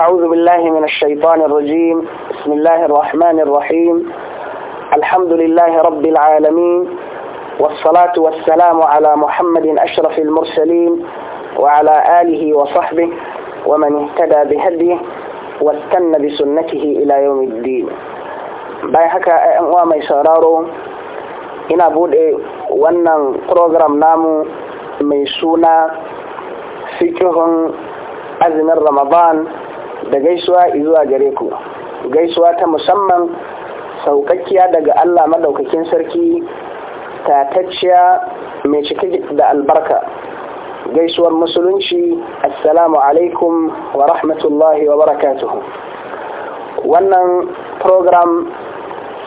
أعوذ بالله من الشيطان الرجيم بسم الله الرحمن الرحيم الحمد لله رب العالمين والصلاة والسلام على محمد أشرف المرسلين وعلى آله وصحبه ومن اهتدى بهديه واستنى بسنته إلى يوم الدين باي حكا أموا مي سرارو ina bude wannan program namu mai suna fikihun azumin da gaisuwa izuwa gare ku gaisuwa ta musamman saukakkiya daga Allah madaukakin sarki tatacciya mai cike da albarka gaisuwar musulunci assalamu alaikum wa rahmatullahi wa barakatuhu wannan program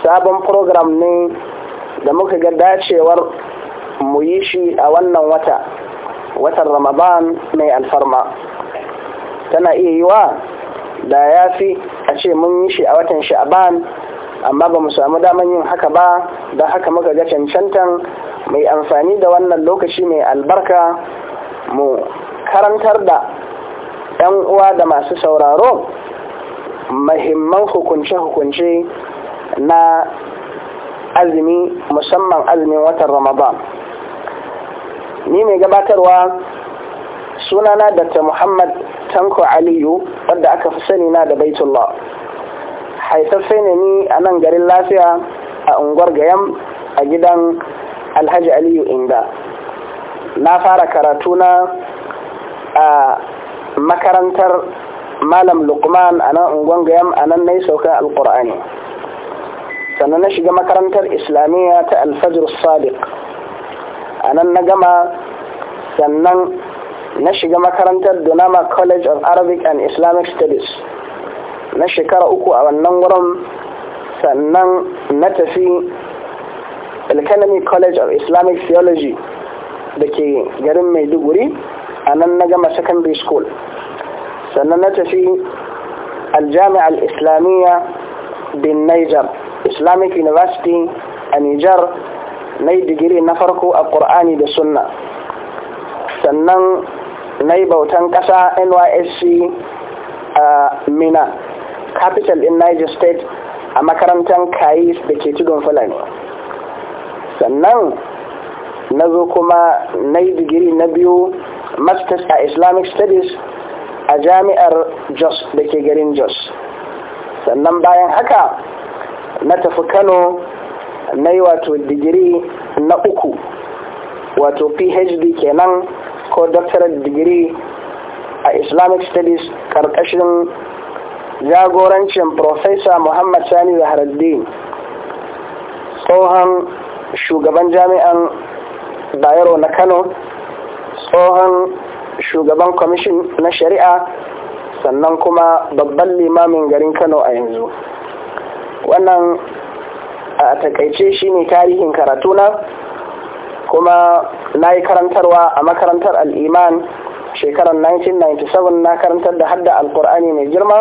sabon program ne da muka ga dacewar mu yi shi a wannan wata watan ramadan mai alfarma tana iya yi wa da ya fi a ce mun yi shi a watan sha'aban amma ba mu samu daman yin haka ba don haka muka ga cancantan mai amfani da wannan lokaci mai albarka mu karantar da 'yan uwa da masu sauraro mahimman hukunce-hukunce na azumi musamman azumin watan ramadan ni mai gabatarwa sunana dr muhammad tanko aliyu wadda aka fi sani na da baitullah haifaffe ne ni a nan garin lafiya a unguwar gayan a gidan alhaji aliyu inda na fara karatu na a makarantar malam lukman a nan unguwar gayan a nan na yi sauka alkur'ani sannan na shiga makarantar islamiyya ta alfajir sadiq a nan na gama sannan na shiga makarantar Donama College of Arabic and Islamic Studies na shekara uku a wannan wurin sannan na tafi Elkanami College of Islamic Theology da ke garin Maiduguri a nan na gama secondary school sannan na tafi aljami'a al-islamiyya bin Niger Islamic University a Niger na digiri na farko a Ƙur'ani da Sunna sannan na yi bautan ƙasa nysc a mina capital in niger state a makarantar kayis da ke tudun fulani sannan na zo kuma na yi digiri na biyu masters a islamic studies a jami'ar jos da ke garin jos sannan bayan haka na tafi kano na yi wato digiri na uku wato phd kenan ko doctorate degree a islamic studies karkashin jagorancin professor muhammad sani zaharaddin tsohon shugaban jami'an bayero na kano tsohon shugaban kwamishin na shari'a sannan kuma babban limamin garin kano a yanzu wannan a takaice shine tarihin karatuna kuma na yi karantarwa a makarantar al'iman shekarar 1997 na karantar da hadda alkur'ani mai girma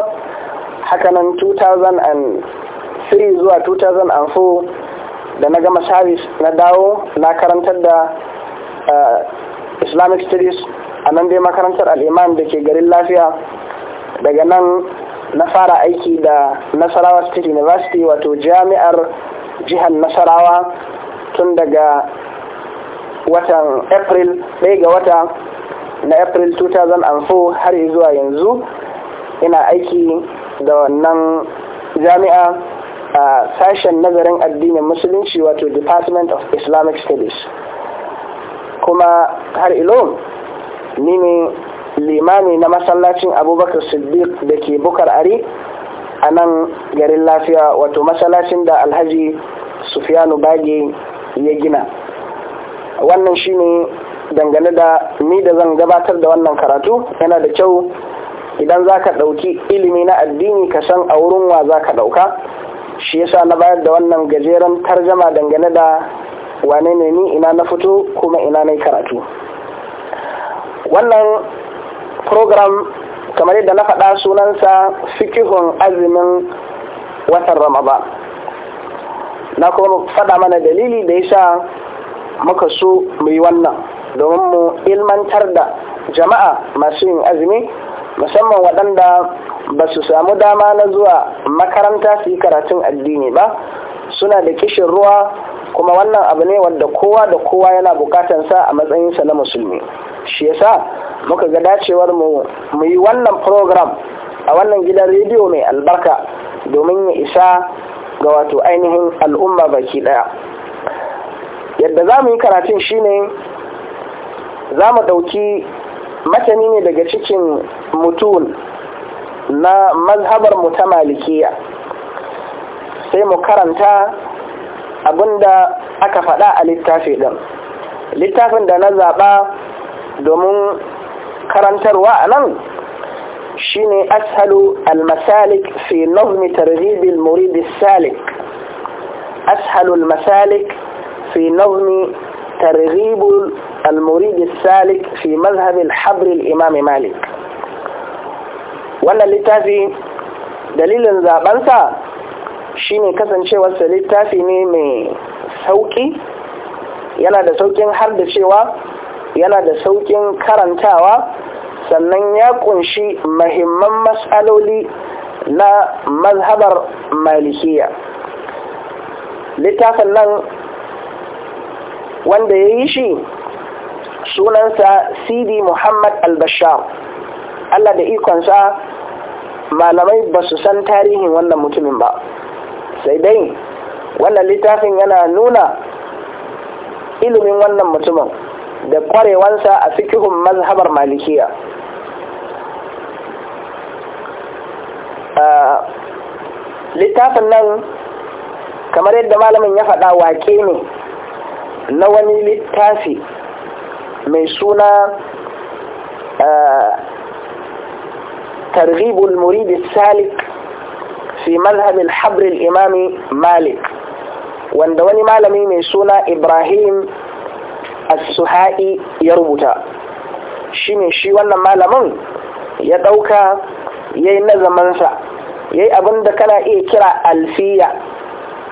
hakanan 2003 zuwa 2004 da na gama sabis na dawo na karantar da eh, islamic studies a nan dai makarantar al'iman da ke garin lafiya daga nan na fara aiki da nasarawa state university wato jami'ar jihar nasarawa tun daga watan april ɗaya ga wata na april 2004 har zuwa yanzu ina aiki da wannan jami'a a sashen nazarin addinin musulunci wato department of islamic studies kuma har ilo ni ne limami na masallacin abubakar siddiq da ke bukar ari a nan garin lafiya wato masallacin da alhaji sufiyanu bage ya gina wannan shine dangane da ni da zan gabatar da wannan karatu yana da kyau idan za ka ɗauki ilimi na addini ka san a wurin wa za ka ɗauka shi yasa na bayar da wannan gajeren tarjama dangane da wane ne ni ina na fito kuma ina na karatu wannan program kamar yadda na faɗa sunansa fikihun azumin watan ramaba na kuma faɗa mana dalili da yasa muka so mu yi wannan domin mu ilmantar da jama'a masu yin azumi musamman waɗanda ba su samu dama na zuwa makaranta su yi karatun addini ba suna da kishin ruwa kuma wannan abu ne wanda kowa da kowa yana bukatansa a matsayinsa na musulmi shi yasa muka ga dacewar mu yi wannan program a wannan gidan rediyo mai albarka domin ya isa ga wato ainihin al'umma baki daya yadda za mu yi karatun shine za mu ɗauki matani ne daga cikin mutum na mazhabar mu ta malikiya sai mu karanta abinda aka faɗa a littafi ɗin littafin da na zaɓa domin karantarwa a nan shine ashalu al-masalik fi nazmi tarhibil salik ashalu almasalik masalik في نظم ترغيب المريد السالك في مذهب الحبر الإمام مالك wannan littafi dalilin zabansa shine kasancewarsa littafi ne mai sauki yana da saukin har cewa yana da saukin karantawa sannan ya kunshi mahimman matsaloli na mazhabar malikiya littafin nan wanda ya yi shi sunansa C.D muhammad al allah da ikonsa malamai ba su san tarihin wannan mutumin ba sai dai wannan littafin yana nuna ilimin wannan mutumin da kwarewansa a fikihun mazhabar malikiya ah, littafin nan kamar yadda malamin ya faɗa wake ne na wani littafi mai suna targhibul murid salik fi mazhab habril habr malik wanda wani malami mai suna ibrahim as-suhai ya rubuta ne shi wannan malamin ya dauka yayi nazamansa yayi abinda kana iya kira alfiya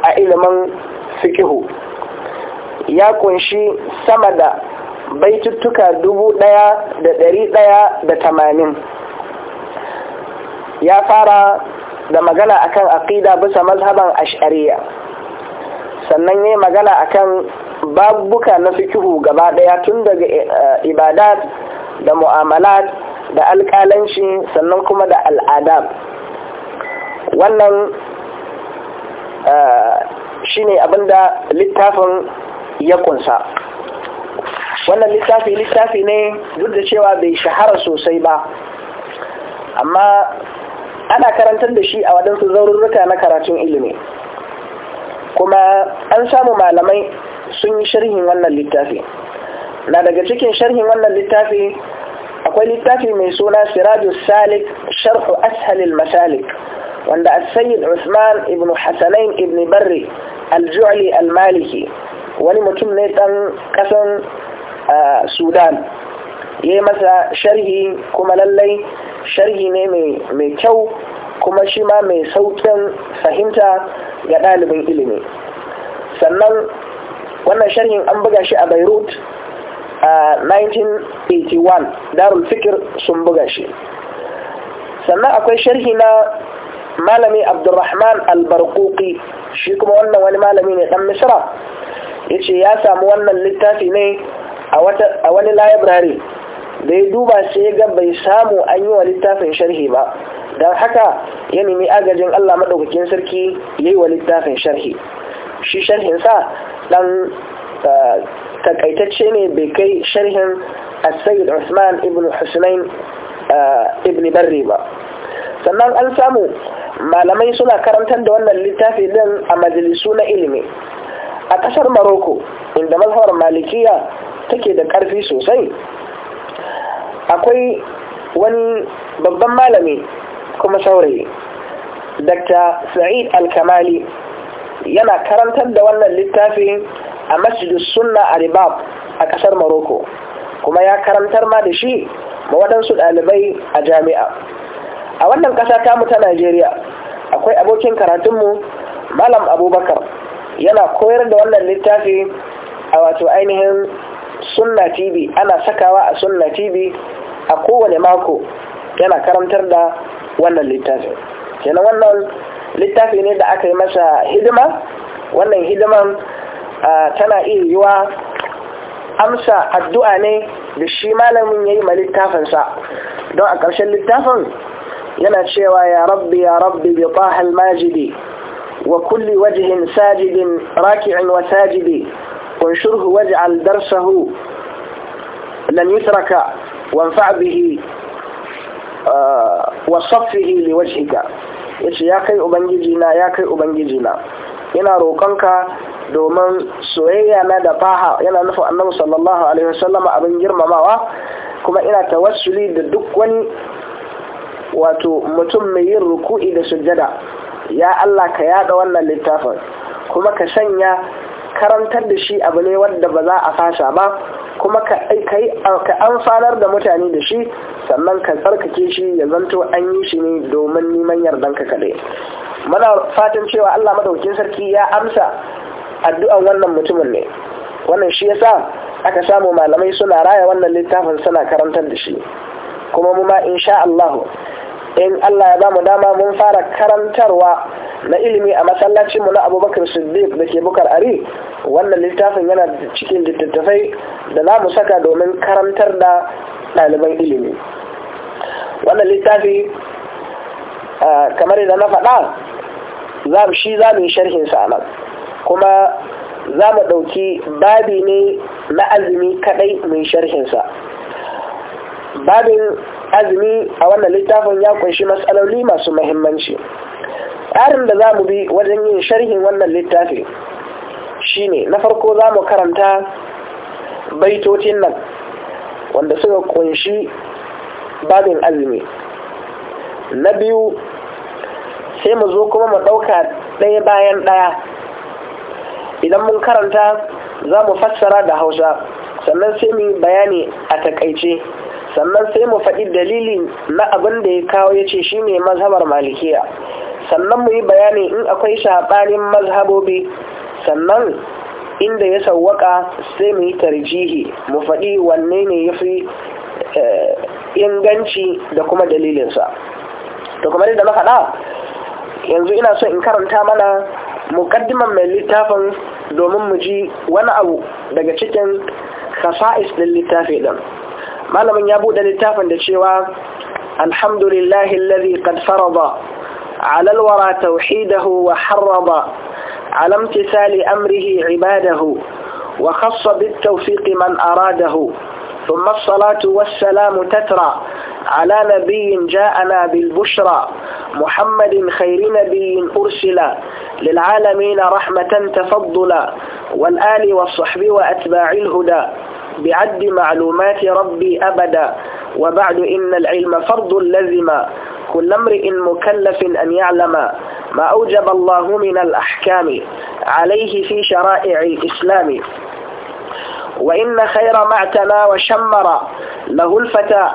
a ilimin fikihu ya kunshi sama da baituttuka dubu ɗaya da ɗari ɗaya da tamanin ya fara da magana akan aqida bisa mazhaban ash'ariya sannan yayi magana akan babuka na fikihu gaba ɗaya tun daga eh, ibadat da mu'amalat da alƙalanci sannan kuma da al'adab wannan eh, shine abinda littafin ya kunsa wannan littafi littafi ne duk da cewa bai shahara sosai ba amma ana karantar da shi a waɗansu zaururruka na karatun ilimi kuma an samu malamai sun yi sharhin wannan littafi na daga cikin sharhin wannan littafi akwai littafi mai suna sirajus salik sharhu ashalil masalik wanda Sayyid usman ibn hasanain ibn barri al-ju'li al-maliki wani mutum ne ɗan ƙasan sudan ya yi masa sharhi kuma lallai sharhi ne mai kyau kuma shi ma mai sauƙin fahimta ga ɗalibin ilimi sannan wannan sharhin an buga shi a beirut a 1981 darul fikir sun buga shi sannan akwai sharhi na malami abdurrahman albarkuki shi kuma wannan wani malami ne ɗan misra Ya ce ya samu wannan littafi ne a wani library da ya duba sai ya ga bai samu an yi wa littafin sharhi ba don haka ya nemi agajin Allah maɗaukakin sarki ya yi wa littafin sharhi shi sharhinsa ɗan eh, takaitacce ne bai kai sharhin asayid usman ibn husnain eh, ibn barri ba sannan an samu malamai suna karantar da wannan littafi din a majalisu na ilimi a ƙasar maroko inda mazhabar malikiya take da ƙarfi sosai akwai wani babban malami kuma saurayi dr sa'id alkamali yana karantar da wannan littafi a masjidus sunna a ribab a ƙasar maroko kuma ya karantar ma da shi ma waɗansu ɗalibai a jami'a a wannan ƙasa ta mu ta najeriya akwai abokin karatunmu malam abubakar yana koyar da wannan littafi a wato ainihin sunna tv ana sakawa a sunna tv a kowane mako yana karantar da wannan littafin kenan wannan littafi ne da aka yi masa hidima wannan hidiman tana iya yiwa amsa addu'a ne da shi malamin ya yi ma littafinsa don a ƙarshen littafin yana cewa ya rabbi ya rabbi bi ƙahal majidi وكل وجه ساجد راكع وساجد وانشره واجعل درسه لن يترك وانفع به وصفه لوجهك yace ya kai ubangiji na ya kai ubangiji na ina roƙonka domin soyayya na da faha yana nufin annabi sallallahu abin girmamawa kuma ina tawassuli da duk wani wato mutum mai yin ruku'i da sujada. ya Allah ka yada wannan littafin kuma ka sanya karantar da shi abu ne wanda ba za a fasha ba kuma ka amfanar da mutane da shi sannan ka tsarkake shi ya zanto an yi shi ne domin neman yardanka kaɗai muna fatan cewa Allah madaukin sarki ya amsa addu'an wannan mutumin ne wannan shi yasa aka samu malamai suna raya wannan littafin suna karantar da shi kuma mu ma insha Allah in Allah ya bamu dama mun fara karantarwa na ilimi a masallacinmu na abubakar siddiq da ke bukar ari wannan littafin yana cikin littattafai da za mu saka domin karantar da ɗaliban ilimi wannan littafi kamar yadda na faɗa za mu shi za mu yi sharhinsa nan kuma za mu ɗauki babi ne na azumi kaɗai mai sharhinsa babin azumi a wannan littafin ya kunshi matsaloli masu mahimmanci tsarin da za mu bi wajen yin sharhin wannan littafi shine na farko za mu karanta baitocin nan wanda suka kunshi babin azumi na biyu sai mu zo kuma mu ɗauka ɗaya bayan ɗaya idan mun karanta za mu fassara da hausa sannan sai mu bayani a takaice sannan sai mu faɗi dalili na abin da ya kawo ya ce shi ne mazhabar malikiya sannan mu yi bayani in akwai saɓanin mazhabobi sannan inda ya sauwaka sai mu yi tarjihi mu faɗi wanne ne ya fi eh, inganci da kuma dalilinsa to kuma da na faɗa yanzu ina so in karanta mana mukaddiman mai littafin domin mu ji wani abu daga cikin kasa'is ɗin littafi ɗin malamin ya buɗe littafin da cewa alhamdulillahi alladhi qad farada ala alwara tauhidahu wa harrada ala imtisali amrihi ibadahu wa khassa بالتوفيق من أراده ثم الصلاة والسلام تترى على نبي جاءنا بالبشرى محمد خير نبي أرسل للعالمين رحمة تفضلا والآل والصحب وأتباع الهدى بعد معلومات ربي أبدا وبعد إن العلم فرض لزم كل امرئ مكلف أن يعلم ما أوجب الله من الأحكام عليه في شرائع الإسلام وإن خير ما اعتنى وشمر له الفتى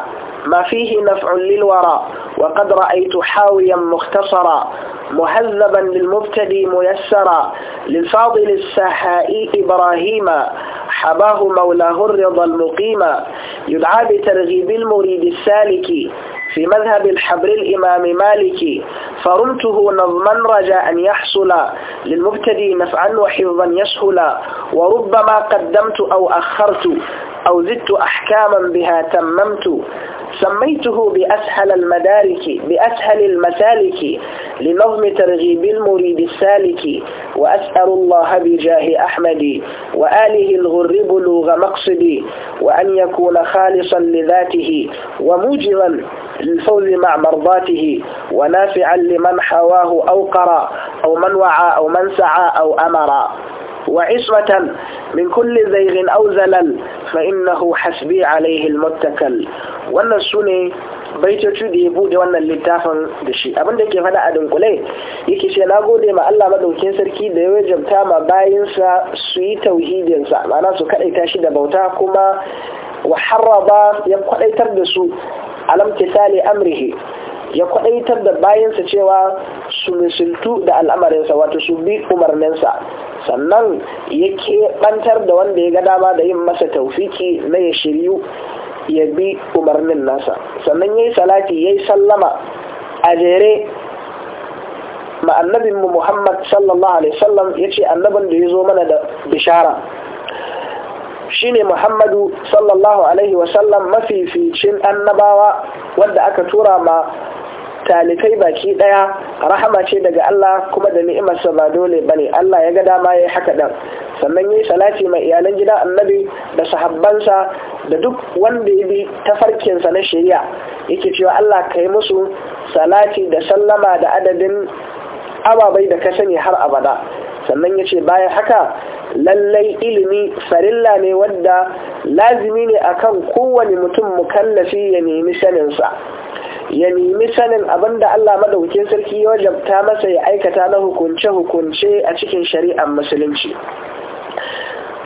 ما فيه نفع للورى وقد رأيت حاويا مختصرا مهذبا للمبتدي ميسرا للفاضل السحائي إبراهيما حباه مولاه الرضا المقيم يدعى بترغيب المريد السالك في مذهب الحبر الإمام مالك فرمته نظما رجاء أن يحصل للمبتدي نفعا وحفظا يسهلا وربما قدمت أو أخرت أو زدت أحكاما بها تممت سميته بأسهل المدارك بأسهل المسالك لنظم ترغيب المريد السالك وأسأل الله بجاه أحمد وآله الغر بلوغ مقصدي وأن يكون خالصا لذاته وموجبا للفوز مع مرضاته ونافعا لمن حواه أو قرى أو من وعى أو من سعى أو أمرى وعصمة من كل زيغ أو زلل فإنه حسبي عليه المتكل wannan su ne baitoci da ya bude wannan littafin da shi abin da ke faɗa a dunkule yake ce na gode ma Allah madaukin sarki da ya wajabta ma bayinsa su yi tauhidinsa ma'ana su kaɗaita tashi da bauta kuma wa harraba ya kwaɗaitar da su alam tisali amrihi ya kwaɗaitar da bayansa cewa su misiltu da al'amarinsa wato su bi umarninsa sannan ya keɓantar da wanda ya ga dama da yin masa taufiki na ya shiryu ya bi umarnin nasa sannan yayi salati yayi sallama a jere ma annabin mu Muhammad sallallahu alaihi ya yace annabin da ya zo mana da bishara shine Muhammadu sallallahu alaihi wasallam mafificin annabawa wanda aka tura ma talifai baki daya rahama ce daga Allah kuma da ni'imarsa ba dole bane Allah ya ga dama yayi haka dan sannan yi salati mai iyalan gidan annabi da sahabbansa da duk wanda ya bi tafarkinsa na shari'a yake cewa Allah ka yi musu salati da sallama da adadin ababai da ka sani har abada sannan ya ce bayan haka lallai ilimi farilla ne wadda lazimi ne akan kowane mutum mukallafi ya nemi saninsa ya nemi sanin abin da Allah madaukin sarki ya wajabta masa ya aikata na hukunce-hukunce a cikin shari'ar musulunci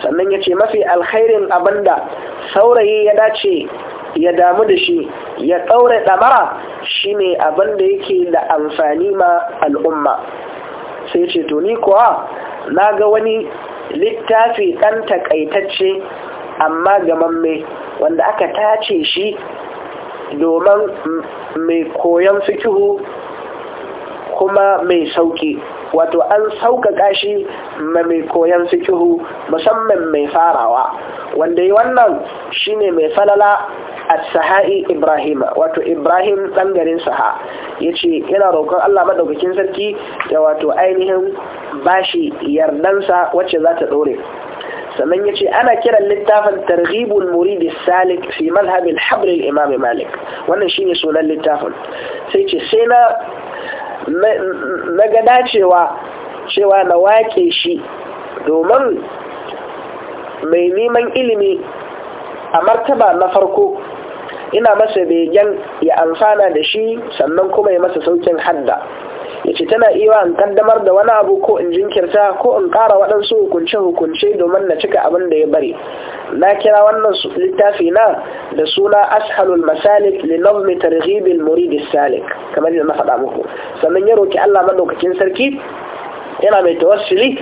sannan ya ce mafi alkhairin abin da saurayi ya dace ya damu da shi ya ɗaure ɗamara shi ne abin da yake da amfani ma al'umma sai ce to ni kuwa na ga wani littafi ɗan takaitacce amma gamamme wanda aka tace shi domin mai koyon fikihu kuma mai sauki wato an sauka shi ma mai koyon fikihu musamman mai farawa wanda yi wannan shine mai falala a sahai ibrahim wato ibrahim ɗan garin saha ya ce yana roƙon allah maɗaukakin sarki da wato ainihin bashi yardansa wacce za ta ɗore sannan ya ce ana kiran littafin targhibul muridi salik fi madhhab Habril habr imam malik wannan shine sunan littafin sai ce sai na na ga dacewa cewa na wake shi domin mai neman ilimi a martaba na farko ina masa begen ya amfana da shi sannan kuma ya masa saukin hadda yace tana iya in kaddamar da wani abu ko in jinkirta ko in ƙara waɗansu hukunce-hukunce domin na cika abin da ya bari na kira wannan littafi na da suna ashalul masalik li nazmi targhibil murid salik kamar yadda na faɗa muku sannan ya roki Allah madaukakin sarki yana mai tawassuli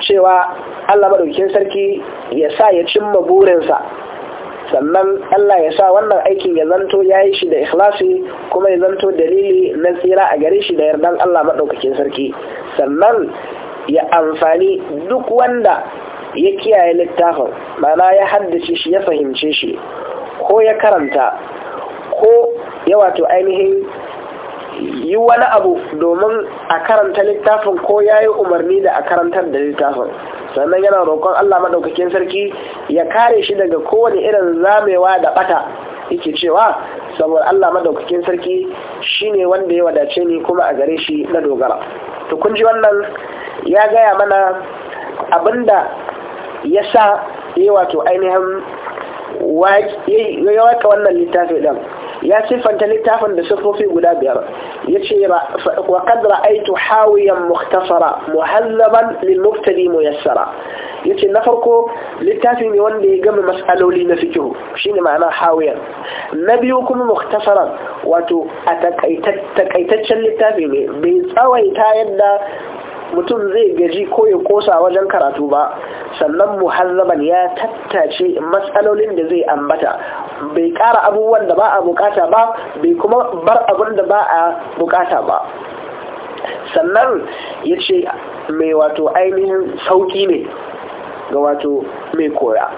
cewa Allah maɗaukakin sarki ya sa ya cimma burinsa sannan Allah ya sa wannan aikin ya zanto ya yi shi da ikhlasi kuma ya zanto dalili na tsira a gare shi da yardan Allah maɗaukakin sarki sannan ya amfani duk wanda ya kiyaye littafin mana ya haddace shi ya fahimce shi ko ya karanta ko ya wato ainihin yi wani abu domin a karanta littafin ko ya yi umarni da a karantar da littafin sannan yana roƙon Allah maɗaukakin sarki ya kare shi daga kowane irin zamewa da ɓata yake cewa saboda Allah maɗaukakin sarki shi ne wanda ya wadace ni kuma a gare shi na dogara to kun ji wannan ya gaya mana abin da ya sa yi wato ainihin ya yi wannan littafi ɗin ya siffanta littafin da siffofi guda biyar ya ce wa kadra aitu hawiyan muhtasara muhazzaban lil muftadi muyassara ya ce na farko littafi ne wanda ya gama mas'aloli na fikihu shine ma'ana hawiyan na biyu kuma muhtasaran wato a takaitaccen littafi ne bai tsawaita yadda mutum zai gaji ko ya kosa wajen karatu ba sannan muhallaban ya tattace matsalolin da zai ambata bai kara abubuwan da ba a bukata ba bai kuma bar abin da ba a bukata ba sannan ya ce mai wato ainihin sauki ne ga wato mai koya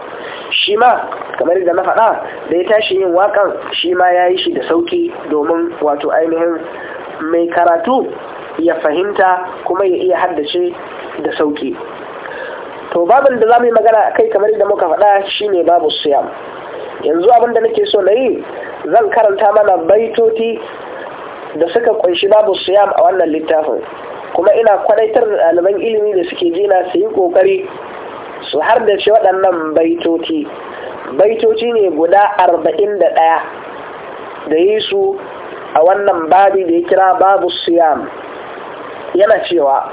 shi ma kamar da na faɗa da ya tashi yin waƙan shi ma ya yi shi da sauki domin wato ainihin mai karatu ya fahimta kuma ya iya haddace da sauki to babin da za mu yi magana a kai kamar da muka faɗa shine babu siyam yanzu abin da nake so na yi zan karanta mana baitoti da suka ƙunshi babu siyam a wannan littafin kuma ina kwadaitar da ɗaliban ilimi da suke jina su yi ƙoƙari su har da ce waɗannan baitoti. baitoci ne guda arba'in da ɗaya da yi su a wannan babi da ya kira babu siyam yana cewa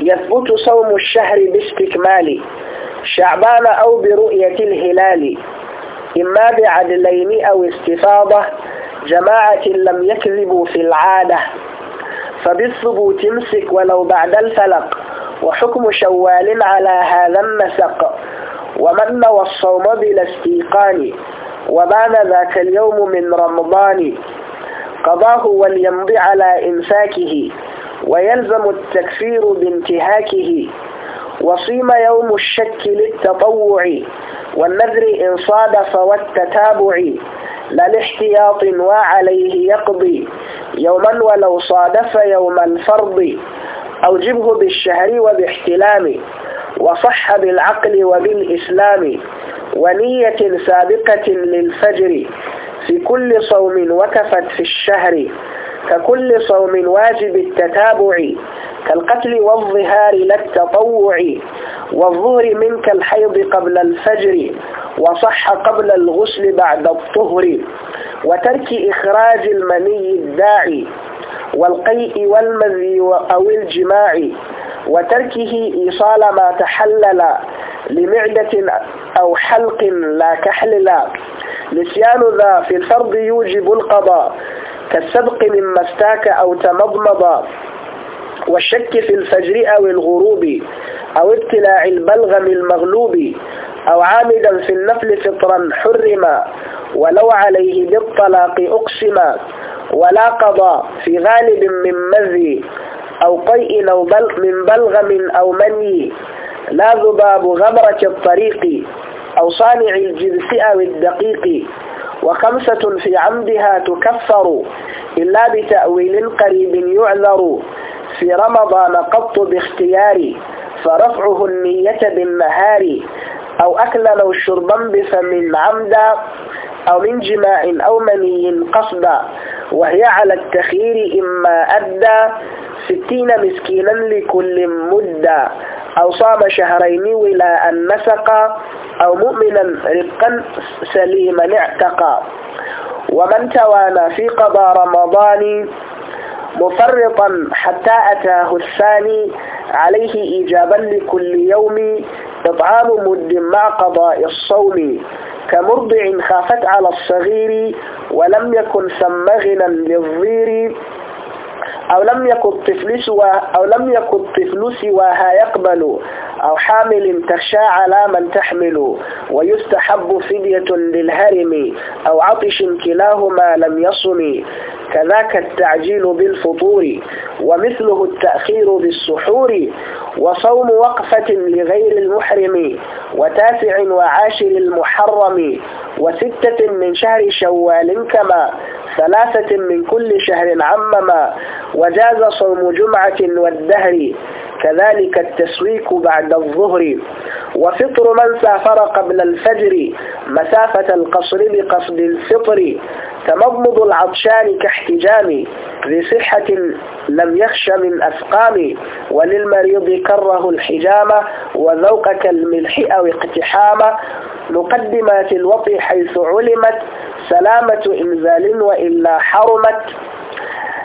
yathbutu sawmu ash-shahri bi istikmali sha'ban aw bi ru'yati al-hilali imma جماعة لم يكذبوا في العادة فبالثبوت امسك ولو بعد الفلق وحكم شوال على هذا النسق ومن والصوم بلا استيقان وبان ذاك اليوم من رمضان قضاه وليمضي على إمساكه ويلزم التكفير بانتهاكه وصيم يوم الشك للتطوع والنذر إن صادف والتتابع لا لاحتياط وعليه يقضي يوما ولو صادف يوم الفرض أوجبه بالشهر وباحتلام وصح بالعقل وبالإسلام ونية سابقة للفجر في كل صوم وكفت في الشهر ككل صوم واجب التتابع كالقتل والظهار لا التطوع والظهر منك الحيض قبل الفجر وصح قبل الغسل بعد الطهر وترك إخراج المني الداعي والقيء والمذي أو الجماع وتركه إيصال ما تحلل لمعدة أو حلق لا كحللا نسيان ذا في الفرض يوجب القضاء كالسبق مما استاك أو تمضمض والشك في الفجر أو الغروب أو ابتلاع البلغم المغلوب أو عامدا في النفل فطرا حرما ولو عليه بالطلاق أقسما ولا قضى في غالب من مذي أو قيء أو بل من بلغم أو مني لا ذباب غبرة الطريق أو صانع الجنس أو الدقيق وخمسة في عمدها تكفر إلا بتأويل قريب يعذر في رمضان قط باختياري فرفعه النية بالنهار أو أكلا أو شربا بفم عمدا أو من جماع أو مني قصدا وهي على التخير إما أدى ستين مسكينا لكل مدة أو صام شهرين ولا أن نسق أو مؤمنا رقا سليما اعتقى ومن توانى في قضاء رمضان مفرطا حتى أتاه الثاني عليه إيجابا لكل يوم إطعام مد مع قضاء الصوم كمرضع خافت على الصغير ولم يكن ثم غنى للضير أو لم يكن الطفل سوى أو لم يكن الطفل سواها يقبل أو حامل تخشى على من تحمل ويستحب فدية للهرم أو عطش كلاهما لم يصم كذاك التعجيل بالفطور ومثله التأخير بالسحور وصوم وقفة لغير المحرم وتاسع وعاشر المحرم وستة من شهر شوال كما ثلاثة من كل شهر عمما وجاز صوم جمعة والدهر كذلك التسويك بعد الظهر وفطر من سافر قبل الفجر مسافة القصر بقصد الفطر تمضمض العطشان كاحتجام ذي صحة لم يخش من أسقام وللمريض كره الحجامة وذوق كالملح أو اقتحام مقدمات الوطي حيث علمت سلامة إنزال وإلا حرمت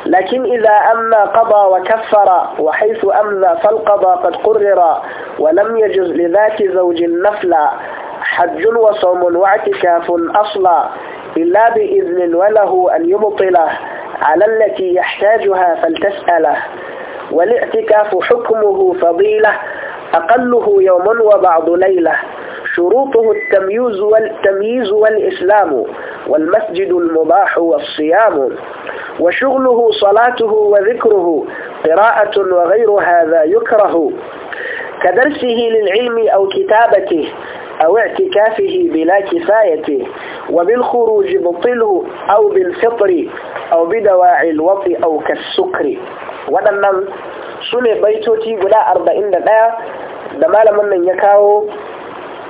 لكن إذا أما قضى وكفر وحيث أمذى فالقضى قد قرر ولم يجز لذات زوج النفل حج وصوم واعتكاف أصلا إلا بإذن وله أن يبطله على التي يحتاجها فلتسأله والاعتكاف حكمه فضيلة أقله يوم وبعض ليلة شروطه التمييز والتمييز والإسلام والمسجد المباح والصيام وشغله صلاته وذكره قراءة وغير هذا يكره كدرسه للعلم أو كتابته أو اعتكافه بلا كفايته وبالخروج بطله أو بالفطر أو بدواعي الوطي أو كالسكر waɗannan su بيتوتي baitoci guda arba'in da ɗaya da malamin nan ya kawo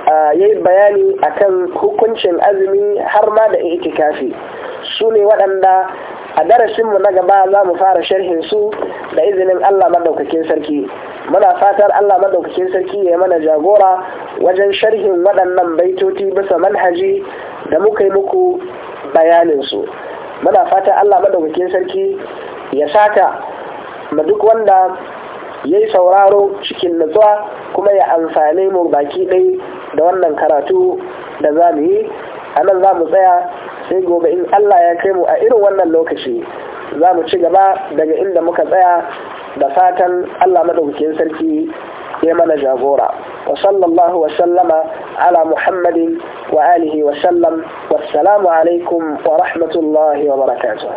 ya yi bayani akan hukuncin azumi har ma da itikafi su waɗanda a darasinmu na gaba za mu fara sharhin su da izinin Allah madaukakin sarki muna fatar Allah madaukakin sarki ya mana jagora wajen sharhin waɗannan baitoti, bisa manhaji da muka yi muku bayanin su muna fatan Allah madaukakin sarki ya saka ma duk wanda ya yi sauraro cikin nutsuwa kuma ya amfane mu baki ɗai da wannan karatu da za mu yi a nan za mu tsaya sai gobe in Allah ya kai mu a irin wannan lokaci za mu ci gaba daga inda muka tsaya da fatan Allah madaukakin sarki ya mana jagora wa sallallahu wa sallama ala muhammadin wa alihi wa sallam alaikum wa rahmatullahi wa barakatuh